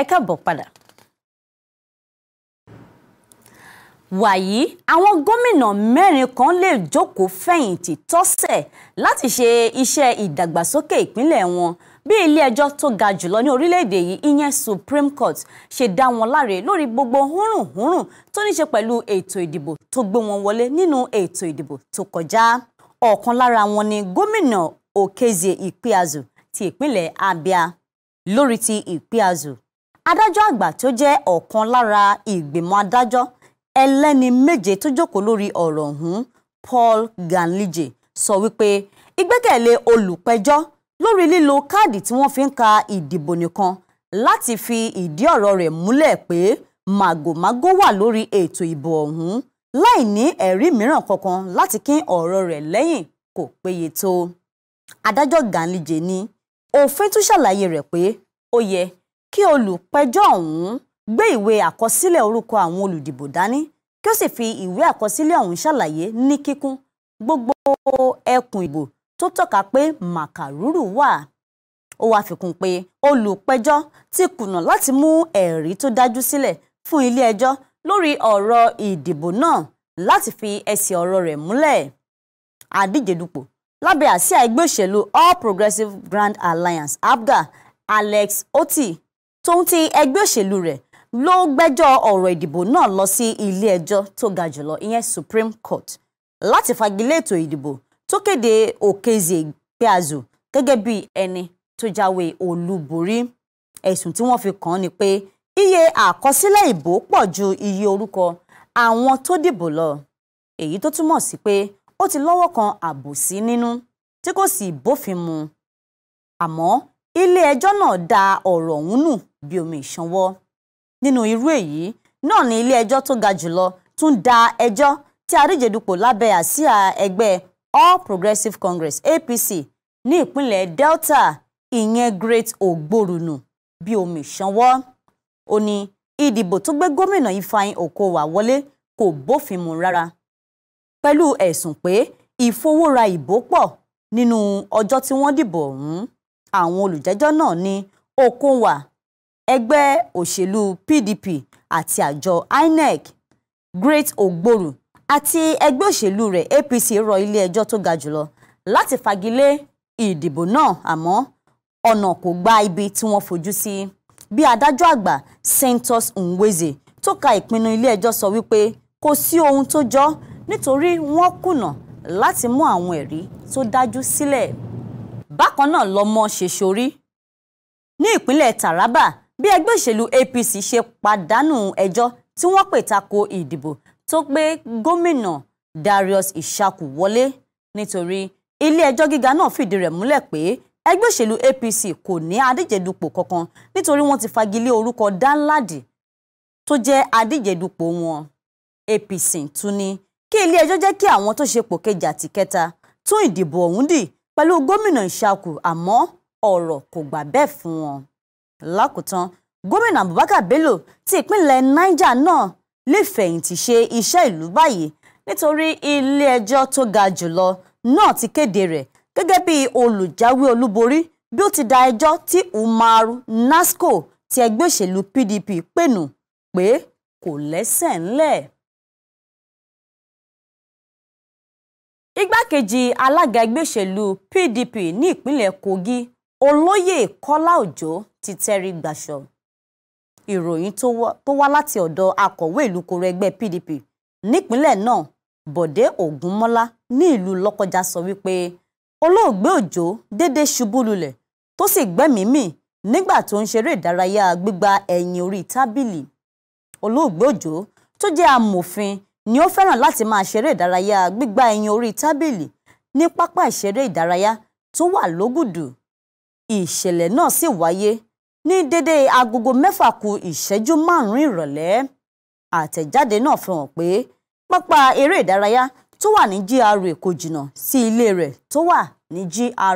ẹ káàbọ̀ padà. wàyí àwọn gómìnà mẹ́rin kan lè jókòó fẹ̀yìntì tọ́sẹ̀ láti ṣe iṣẹ́ ìdàgbàsókè ìpínlẹ̀ wọn bí ilé-ẹjọ́ tó ga jùlọ ní orílẹ̀-èdè yìí ìyẹn Supreme Court ṣe dá wọn láre lórí gbogbo húrùnhúrùn tó ní ṣe pẹ̀lú ètò ìdìbò tó gbé wọn wọlé nínú ètò ìdìbò tó kọjá ọ̀kan lára wọn ni gómìnà Okezie Ikpeazu ti ìpínlẹ̀ Abia lórí ti Ikpeazu adájọ́ àgbà tó jẹ́ ọ̀kan lára ìgbìmọ̀ adájọ́ ẹlẹ́ni méje tó jókòó lórí ọ̀rọ̀ ọ̀hún Paul Ganlije sọ wípé ìgbẹ́kẹ̀lé olùpẹ̀jọ́ lórí lílo káàdì tí wọ́n fi ń ka ìdìbò nìkan láti fi ìdí ọ̀rọ̀ rẹ̀ múlẹ̀ pé màgòmágó wà lórí ètò ìbò ọ̀hún láì ní ẹ̀rí mìíràn kankan láti kín ọ̀rọ̀ rẹ̀ lẹ́yìn kò péye tó adájọ́ Ganlije ní òfin tún ṣàlàyé rẹ̀ pé ó yẹ kí olùpẹ̀jọ́ ọ̀hún gbé ìwé àkọsílẹ̀ orúkọ àwọn olùdìbò dání kí ó sì fi ìwé àkọsílẹ̀ ọ̀hún ṣàlàyé ní kíkún gbogbo ẹkùn ìbò tó tọ́ka pé màkàrúrù wà ó wàá fikún pé olùpẹ̀jọ́ ti kùnà láti mú ẹ̀rí tó dájú sílẹ̀ fún ilé-ẹjọ́ lórí ọ̀rọ̀ ìdìbò náà láti fi ẹsẹ̀ ọ̀rọ̀ rẹ̀ múlẹ̀ àdíjedupò lábẹ́ àsíá ẹgbẹ́ òṣèlú All Progressives Grand Alliance abga, Alex Otti tóun ti ẹgbẹ́ òṣèlú rẹ̀ ló gbẹ́jọ́ ọ̀rọ̀ ìdìbò náà lọ sí ilé ẹjọ́ tó ga jùlọ ìyẹn Supreme Court láti fagilé ètò ìdìbò tó kéde Okezie Ikpeazu gẹ́gẹ́ bí ẹni tó jáwé olúborí ẹ̀sùn tí wọ́n fi kàn án ni pé iye àkọsílẹ̀ ìbò pọ̀ ju iye orúkọ àwọn tó dìbò lọ èyí tó túmọ̀ sí pé ó ti lọ́wọ́ kan àbòsí nínú tí kò sì bófin mu àmọ́ ilé ẹjọ́ náà da ọ̀rọ̀ ọ̀hún nù bí omi ìṣanwọ́ nínú irú èyí náà ni ilé tó ga jùlọ tún da ẹjọ́ tí adíje dupò lábẹ́ àsíá All Progressives Congress APC ní ìpínlẹ̀ Delta ìyẹn Great Ogborunu bí omi ìṣanwọ́ ó ní ìdìbò tó gbé gómìnà Ifeanyi Okowa wọlé kò bófin mu rárá pẹ̀lú ẹ̀sùn pé ìfowóra ìbò pọ̀ nínú ọjọ́ tí wọ́n dìbò ọ̀hún àwọn olùjẹ́jọ́ náà ní Okowa ẹgbẹ́ òṣèlú PDP àti àjọ INEC Great Ogboru àti ẹgbẹ́ òṣèlú rẹ̀ APC rọ ilé-ẹjọ́ tó ga jùlọ láti fagilé ìdìbò náà àmọ́ ọ̀nà kò gba ibi tí wọ́n fojú sí bí adájọ́ àgbà Santos Nweze tó ka ìpinnu ilé-ẹjọ́ sọ wípé kò sí ohun tó jọ nítorí wọ́n kùnà láti mú àwọn ẹ̀rí tó dájú sílẹ̀ bákan náà lọ́mọ ṣèṣorí ní ìpínlẹ̀ Taraba bí ẹgbẹ́ òṣèlú APC ṣe pàdánù ẹjọ́ tí wọ́n pè tako ìdìbò tó gbé gómìnà Darius Ishaku wọlé nítorí ilé-ẹjọ́ gíga náà fìdí rẹ̀ múlẹ̀ pé ẹgbẹ́ òṣèlú APC kò ní adíjedupò kankan nítorí wọ́n ti fagilé orúkọ Danladi tó jẹ́ adíjedupò wọn APC tún ní kí ilé-ẹjọ́ jẹ́ kí àwọn tó ṣe pò kejì àti kẹta tún ìdìbò ọ̀hún dì pẹ̀lú gómìnà Ishaku àmọ́ ọ̀rọ̀ kò gbà bẹ́ẹ̀ fún wọn lákòótán gómìnà Abubakar Bello ti ìpínlẹ̀ Niger náà lè fẹ̀yìntì ṣe iṣẹ́ ìlú báyìí nítorí ilé-ẹjọ́ tó ga jùlọ náà ti kéde rẹ̀ gẹ́gẹ́ bí olùjáwé olúborí bí ó ti da ẹjọ́ tí Umar Nasco ti ẹgbẹ́ òṣèlú PDP pè nù pé kò lẹ́sẹ̀ ńlẹ̀. igbákejì alága ẹgbẹ́ òṣèlú PDP ní ìpínlẹ̀ Kogi olóyè Kọ́lá Òjó ti Terry Gbàṣọ ìròyìn tó wá láti ọ̀dọ̀ akọ̀wé ìlú koro ẹgbẹ́ PDP nípínlẹ̀ náà Bọ̀dé Ògúnmọ́lá ní ìlú Lọ́kọjà sọ wípé olóògbé Òjó dédé ṣubú lulẹ̀ tó sì gbẹ́mìí mì nígbà tó ń ṣeré ìdárayá gbígba ẹ̀yìn orí tábìlì olóògbé Òjó tó jẹ́ amòfin ni ó fẹ́ràn láti máa ṣeré ìdárayá gbígba ẹ̀yìn orí tábìlì ní pápá ìṣeré ìdárayá tó wà lógùdù ìṣẹ̀lẹ̀ náà sì wáyé ní dédé agogo mẹ́fà kù ìṣẹ́jú márùn-ún ìrọ̀lẹ́ àtẹ̀jáde náà fi hàn pé pápá eré ìdárayá tó wà ní GRA kò jìnnà sí ilé rẹ̀ tó wà ní GRA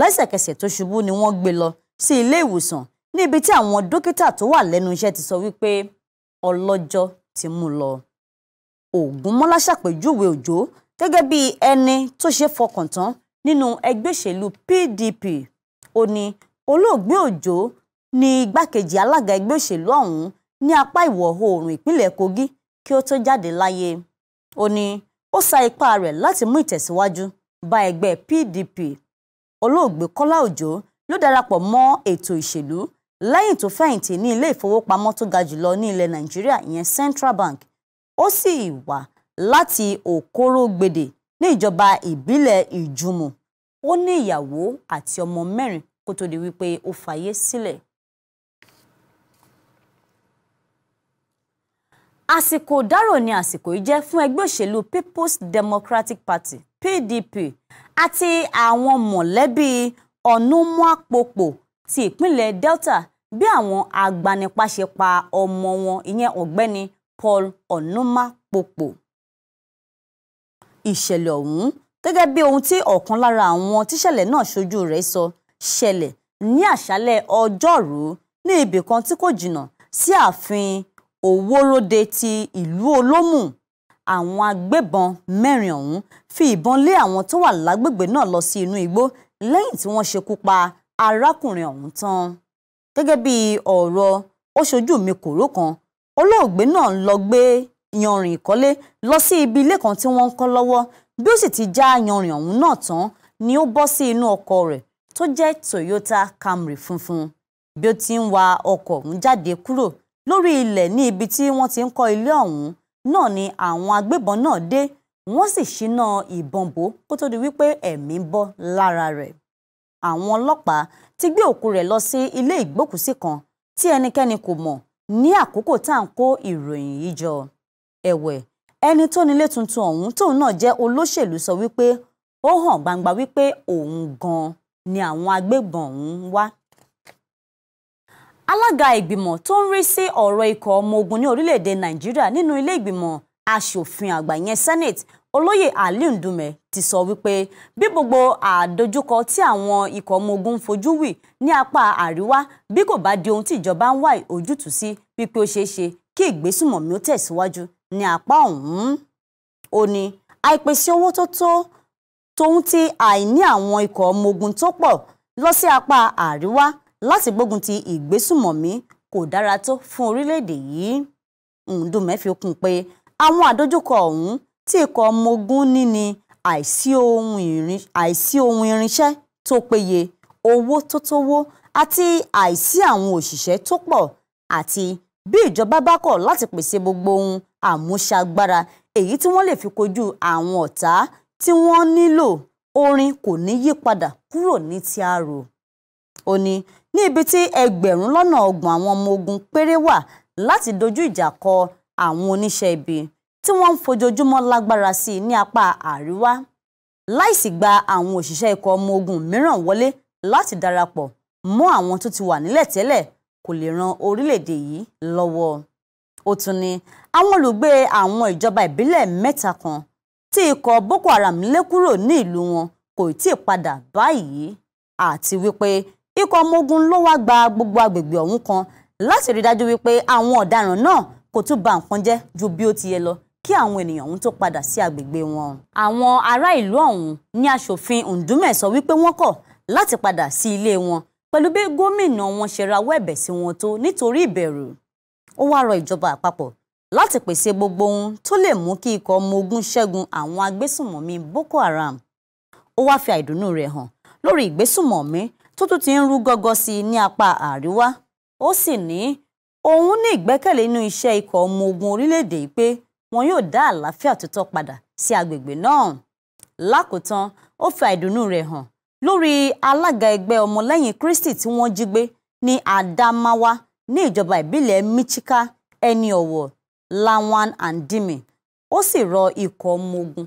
lẹ́sẹ̀kẹsẹ̀ tó ṣubú ni wọ́n gbé lọ sí ilé ìwòsàn níbi tí àwọn dókítà tó wà lẹ́nu iṣẹ́ ti sọ wípé ọlọ́jọ́ ti mú lọ Ògúnmọ́lá ṣàpèjúwe Òjó gẹ́gẹ́ bí ẹni tó ṣe fọkàn tán nínú ẹgbẹ́ ìṣèlú PDP ó ní olóògbé òjó ni igbákejì alága ẹgbẹ́ òṣèlú ọ̀hún ní apá ìwọ̀ oòrùn ìpínlẹ̀ kogi kí ó tó jáde láyé ó ní ó sa ipá rẹ̀ láti mú ìtẹ̀síwájú bá ẹgbẹ́ pdp olóògbé kọ́lá òjó ló darapọ̀ mọ́ ètò ìṣèlú lẹ́yìn tó fẹ̀yìntì ní ilé ìfowópamọ́ tó ga jùlọ ní ilẹ̀ nàìjíríà ìyẹn central bank ó sì wà láti òkórógbèdè ní ìjọba ìbílẹ̀ ìjùmọ̀ ó ní ìyàwó àti ọmọ mẹ́rin kó tó di wípé ó fàyè sílẹ̀. àsìkò dárò ni àsìkò yìí jẹ́ fún ẹgbẹ́ òṣèlú People's Democratic Party PDP àti àwọn mọ̀lẹ́bí Ọ̀nùmọ́àpòpọ̀ ti ìpínlẹ̀ Delta bí àwọn agbanipa ṣe pa ọmọ wọn ìyẹn ọ̀gbẹ́ni Paul Ọ̀nùmọ́àpòpọ̀ ìṣẹ̀lẹ̀ ọ̀hún gẹ́gẹ́ bí ohun tí ọ̀kan lára àwọn tíṣẹ̀lẹ̀ náà ṣojú rẹ̀ sọ so ṣẹlẹ̀ ní àṣálẹ́ ọjọ́rú ní ibì kan tí kò jìnnà sí ààfin Òwòròde ti ìlú Olómù àwọn agbébọn mẹ́rin ọ̀hún fi ìbọn lé àwọn tó wà lágbègbè náà lọ sí inú igbó lẹ́yìn tí wọ́n ṣekú pa arákùnrin ọ̀hún tán gẹ́gẹ́ bí ọ̀rọ̀ ó ṣojú mi kòró kan olóògbé náà lọ gbé yanrìn ìkọ́lé lọ sí ibi ilé kan tí wọ́n ń kọ́ lọ́wọ́ bí ó sì ti já yanrìn ọ̀hún náà tán ni ó bọ́ sí inú ọkọ̀ rẹ̀ tó jẹ́ Toyota Camry funfun bí ó ti ń wa ọkọ̀ ọ̀hún jáde kúrò lórí ilẹ̀ ní ibi tí wọ́n ti ń kọ́ ilé ọ̀hún náà ni àwọn agbébọn náà dé wọ́n sì ṣínà ìbọn bò kó tó di wípé ẹ̀mí ń bọ́ lára rẹ̀ àwọn ọlọ́pàá ti gbé òkú rẹ̀ lọ sí ilé ìgbókùsí kan tí ẹnikẹ́ni kò mọ̀ ní àkókò tá à ń kó ìròyìn yìí jọ ẹ̀wẹ̀ ẹni tó nílé tuntun ọ̀hún tóun náà jẹ́ olóṣèlú sọ wípé ó hàn gbangba wípé òun gan-an ni àwọn agbébọn ọ̀hún ń wá. alága ìgbìmọ̀ tó ń rí sí ọ̀rọ̀ ikọ̀ ọmọ ogun ní orílẹ̀-èdè nàìjíríà nínú ilé ìgbìmọ̀ asòfin àgbà yẹn senate olóyè aliu ndume ti sọ wípé bí gbogbo àdojúkọ tí àwọn ikọ̀ ọmọ ogun ń fojú wì ní apá àríwá bí kò bá di ohun tí ìjọba ń wá ojútùú sí wípé ó ṣeé ṣe kí ìgbésùmọ̀mí ó tẹ̀síwájú ní apá ọ̀hún. ó ní àìpèsè owó tó tó tòun ti àìní àwọn ikọ̀ ọmọ ogun tó pọ̀ lọ sí apá àríwá láti gbógun ti ìgbésùmọ̀mí kò dára tó fún orílẹ̀-èdè yìí Ndume fi kún pé àwọn àdójúkọ ọ̀hún tí ikọ̀ ọmọ ogun ní ni àìsí ohun irinṣẹ́ tó péye owó tó tówó àti àìsí àwọn òṣìṣẹ́ tó pọ̀ àti bí ìjọba bá kọ̀ láti pèsè gbogbo ohun àmúṣagbára èyí tí wọ́n lè fi kojú àwọn ọ̀tá tí wọ́n nílò orin kò ní yí padà kúrò ní ti arò ó ní ní ibi tí ẹgbẹ̀rún lọ́nà ọgbọ̀n àwọn ọmọ ogun péré wà láti dojú ìjà kọ àwọn oníṣẹ́ ibi tí wọ́n ń fojoojúmọ́ lágbára sí i ní apá àríwá láìsí gba àwọn òṣìṣẹ́ ikọ̀ ọmọ ogun mìíràn wọlé láti darapọ̀ mọ́ àwọn tó ti wà nílẹ̀ tẹ́lẹ̀ kò lè ran orílẹ̀-èdè yìí lọ́wọ́ ó tún ní àwọn olùgbé àwọn ìjọba ìbílẹ̀ mẹ́ta kan tí ikọ̀ Boko Haram lé kúrò ní ìlú wọn kò tí ì padà báyìí àti wípé ikọ̀ ọmọ ogun ló wá gba gbogbo agbègbè ọ̀hún kan láti rí dájú wípé àwọn ọ̀daràn náà kò tún ba nǹkan jẹ́ ju bí ó ti yẹ lọ kí àwọn ènìyàn ọ̀hún tó padà sí agbègbè wọn. àwọn ará ìlú ọ̀hún ní aṣòfin Ndume sọ wípé wọ́n kọ̀ láti padà sí ilé wọn pẹ̀lú bí gómìnà wọn ṣe rawọ́ ẹ̀bẹ̀ sí wọn tó nítorí ìbẹ̀rù ó wá rọ ìjọba àpapọ̀ láti pèsè gbogbo ohun tó lè mú kí ikọ̀ ọmọ ogun ṣẹ́gun àwọn agbésùnmọ̀mí Boko Haram ó wáá fi àìdùnnú rẹ̀ hàn lórí ìgbésùnmọ̀mí tó tún ti ń rú gọ́gọ́ sí i ní apá àríwá ó sì ní òun ní ìgbẹ́kẹ̀lé inú iṣẹ́ ikọ̀ ọmọ ogun orílẹ̀-èdè yìí pé wọn yóò dá àlàáfíà tuntun padà sí agbègbè náà lákòótán ó fi àìdùnnú rẹ̀ hàn lórí alága ẹgbẹ́ ọmọlẹ́yìn Kristi tí wọ́n Adamawa ní ìjọba ìbílẹ̀ Michika ẹni ọ̀wọ̀ Lawan and Dimi ó sì rọ ikọ̀ ọmọ ogun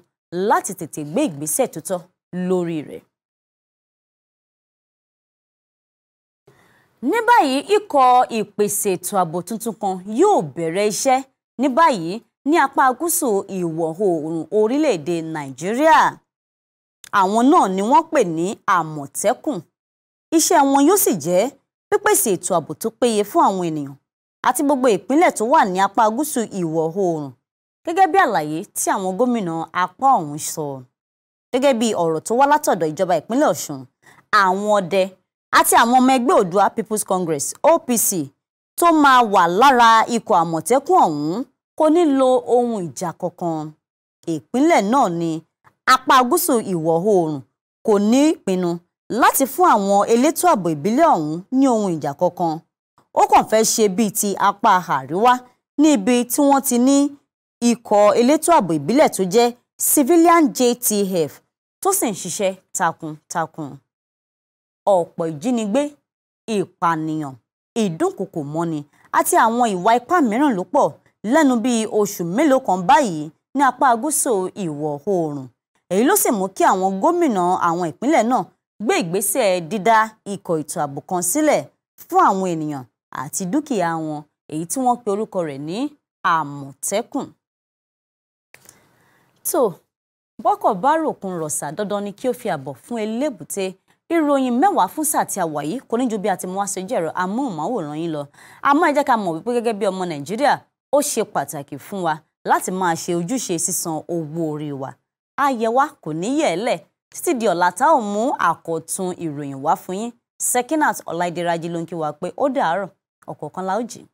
láti tètè gbé ìgbésẹ̀ tó tọ́ lórí rẹ̀. ní báyìí ikọ̀ ìpèsè ètò ààbò tuntun kan yóò bẹ̀rẹ̀ iṣẹ́ ní báyìí ní apá gúúsù ìwọ̀ oòrùn orílẹ̀-èdè nàìjíríà àwọn náà ni wọ́n pè ní àmọ̀tẹ́kùn iṣẹ́ wọn yóò sì jẹ́ pípèsè ètò ààbò tó péye fún àwọn ènìyàn àti gbogbo ìpínlẹ̀ tó wà ní apá gúúsù ìwọ̀ oòrùn gẹ́gẹ́ bí àlàyé tí àwọn gómìnà apá ọ̀hún sọ gẹ́gẹ́ bí ọ̀rọ̀ tó wá látọ̀dọ̀ ìjọba ìpínlẹ̀ Ọ̀ṣun àwọn ọdẹ àti àwọn ọmọ ẹgbẹ́ Oòduà People's Congress OPC tó máa wà lára ikọ̀ Àmọ̀tẹ́kùn ọ̀hún kò ní lo ohun ìjà kankan ìpínlẹ̀ náà ní apá gúúsù ìwọ̀ oòrùn kò ní ìpinnu láti fún àwọn elétò ààbò ìbílẹ̀ ọ̀hún ní ohun ìjà kankan ó kàn fẹ́ ṣe bíi ti apá àríwá ní ibi tí wọ́n ti ní ikọ̀ elétò ààbò ìbílẹ̀ tó jẹ́ civilian JTF tó sì ń ṣiṣẹ́ takuntakun ọ̀pọ̀ ìjínigbé ìpànìyàn ìdúnkòkò mọ́ni àti àwọn ìwà ipá mìíràn ló pọ̀ lẹ́nu bíi oṣù mélòó kan báyìí ní apá gúúsù ìwọ̀ oòrùn èyí ló sì mú kí àwọn gómìnà àwọn ìpínlẹ̀ náà gbé ìgbésẹ̀ dídá ikọ̀ ètò ààbò kan sílẹ̀ fún àwọn ènìyàn àti dúkìá wọn èyí tí wọ́n pe orúkọ rẹ̀ ní àmọ̀tẹ́kùn. tó bọ́kọ̀ bá ròkun rọ̀ṣà dandan ni kí ó fi àbọ̀ fún elébùté ìròyìn mẹ́wàá fún sáà tí a wà yìí kò ní ju bí a ti mú wá sójú ẹ̀rọ amóhùnmáwòrán yín lọ àmọ́ ẹ jẹ́ ká mọ̀ wípé gẹ́gẹ́ bí ọmọ nàìjíríà ó ṣe pàtàkì fún wa láti máa ṣe ojúṣe sísan owó orí wa àyẹ̀wá kò ní yẹ̀ títí di ọ̀la tá ò mú àkọ́tún ìròyìn wá fún yín Sekinat Ọláìdé ló ń kí wa pé ó dàárọ̀. ocorre com Laudinho.